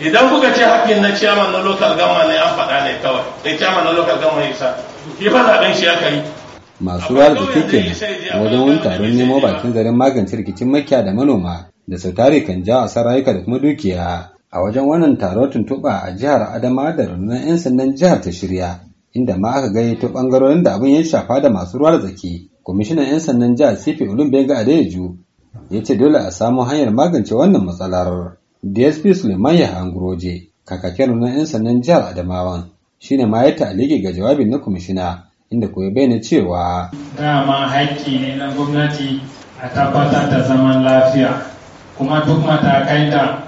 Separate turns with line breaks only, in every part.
idan kuka ce hakkin na chairman na local gama ne an faɗa ne kawai sai chairman na local ya isa shi fa zaben shi aka yi
masu ruwa da wajen wani taron nemo bakin zaren magance rikicin makiya da manoma da sautari kan ja a rayuka da kuma dukiya a wajen wannan taro tuntuɓa a jihar adama da rundunar 'yan sandan jihar ta shirya inda ma aka ta ɓangarorin da abin ya shafa da masu ruwa da tsaki kwamishinan 'yan sandan jihar sifi cp ga adeju ya ce dole a samu hanyar magance wannan matsalar dsp suleiman yahangroje hangroje kakakin 'yan sandan jihar adamawan shine ma ya ta'aliki ga jawabin na kwamishina inda koyi bayyana cewa
dama haƙƙi ne na gwamnati a tabbatar da zaman lafiya kuma duk matakai da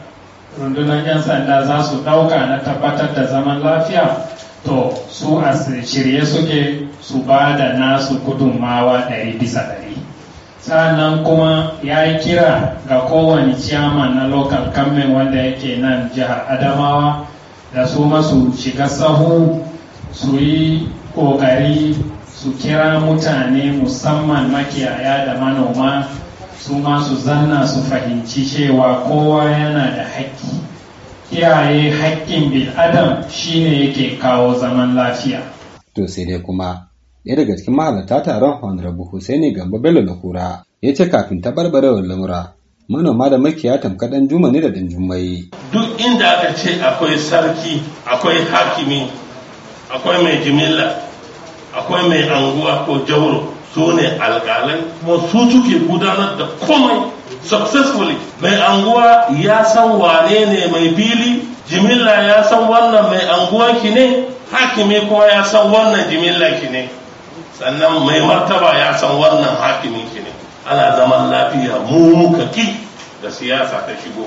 rundunar 'yan sanda za su ɗauka na tabbatar da zaman lafiya to su a shirye suke su ba da nasu gudunmawa ɗari bisa ɗari sannan kuma ya yi kira ga kowane ciyaman na local government wanda yake nan jihar adamawa da su masu shiga sahu su yi ƙoƙari su kira mutane musamman makiyaya da manoma su masu zanna su fahimci cewa kowa yana da haƙƙi kiyaye haƙƙin bil'adam shine yake kawo zaman lafiya
to sai dai kuma ɗaya daga cikin mahalarta taron honorable Hussaini Gambo Bello na kura ya ce kafin ta barbarewar lamura manoma da makiya tamka ɗan juma ne da ɗan jummai. Duk
inda aka ce akwai sarki, akwai hakimi, akwai mai jimilla, akwai mai anguwa ko jauro su ne alƙalai kuma su suke gudanar da komai successfully. Mai anguwa ya san wane ne mai fili, jimilla ya san wannan mai anguwa ki ne, hakimi kuma ya san wannan jimilla ki ne. sannan mai martaba ya san wannan hakimin ki ne ana zaman lafiya mu muka ki da siyasa ta shigo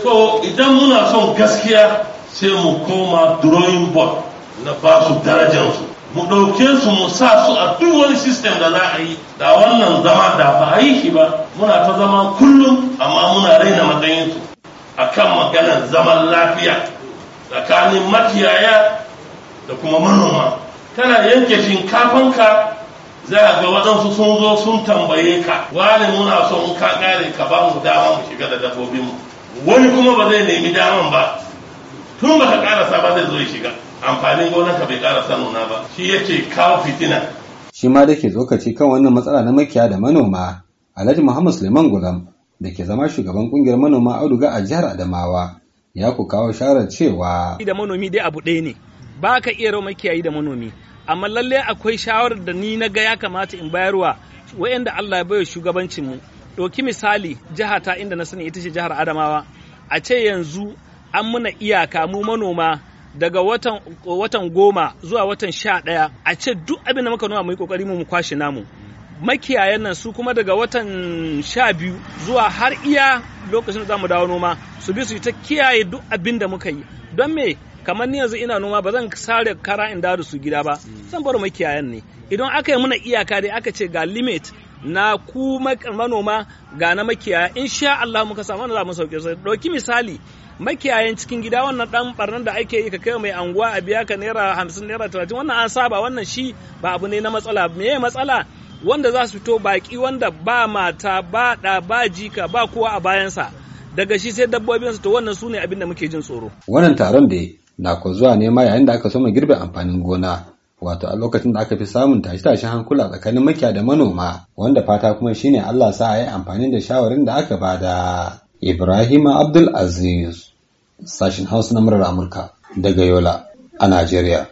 so idan muna son gaskiya sai mu koma drawing board na ba su darajansu mu ɗauke su mu sa su a duk wani system da za a yi da wannan zama da ba a yi shi ba muna ta zama kullum amma muna raina matsayinsu a kan maganar zaman lafiya tsakanin makiyaya da kuma manoma tana yanke shinkafanka za a ga waɗansu sun zo sun tambaye ka wani muna son in ka ƙare ka ba mu dama mu shiga da dabbobinmu wani kuma ba zai nemi daman ba tun ba ka ƙarasa ba zai zo ya shiga amfanin gonarka bai ƙarasa nuna ba shi yake kawo fitina
shi ma da ke tsokaci kan wannan matsala na makiya da manoma alhaji muhammad suleiman gulam da ke zama shugaban kungiyar manoma auduga a jihar adamawa ya ku kawo sharar cewa
da manomi dai abu ɗaya ne ba ka iya rawa makiyayi da manomi amma lalle akwai shawarar da ni na ga ya kamata in bayarwa wa'anda Allah ya baiwa shugabancin mu ɗauki misali jiha ta inda na sani ita ce jihar Adamawa a ce yanzu an muna iyaka mu manoma daga watan, watan goma zuwa watan sha ɗaya a ce duk abin da muka noma mu yi kokari mu kwashe namu makiyayan nan su kuma daga watan sha biyu zuwa har iya lokacin da za mu dawo noma su bi su yi ta kiyaye duk abin da muka yi don me kamar ni yanzu ina noma ba zan sare kara in da su gida ba zan bar makiyayan ne idan aka yi mana iyaka dai aka ce ga limit na ku manoma ga na makiyaya insha Allah muka samu za mu sauke sai dauki misali makiyayan cikin gida wannan dan barnan da ake yi ka kai mai anguwa a biya ka naira 50 naira 30 wannan an saba wannan shi ba abu ne na matsala me matsala wanda za su fito baki wanda ba mata ba da ba jika ba kowa a bayansa daga shi sai su to wannan su abin da muke jin tsoro
wannan taron da na ko zuwa ne ma yayin da aka so mu girbe amfanin gona wato a lokacin da aka fi samun tashe-tashen hankula tsakanin makiya da manoma wanda fata kuma shine Allah sa a yi amfani da shawarin da aka bada Ibrahim Abdul Aziz sashin Hausa na murar Amurka daga Yola a Najeriya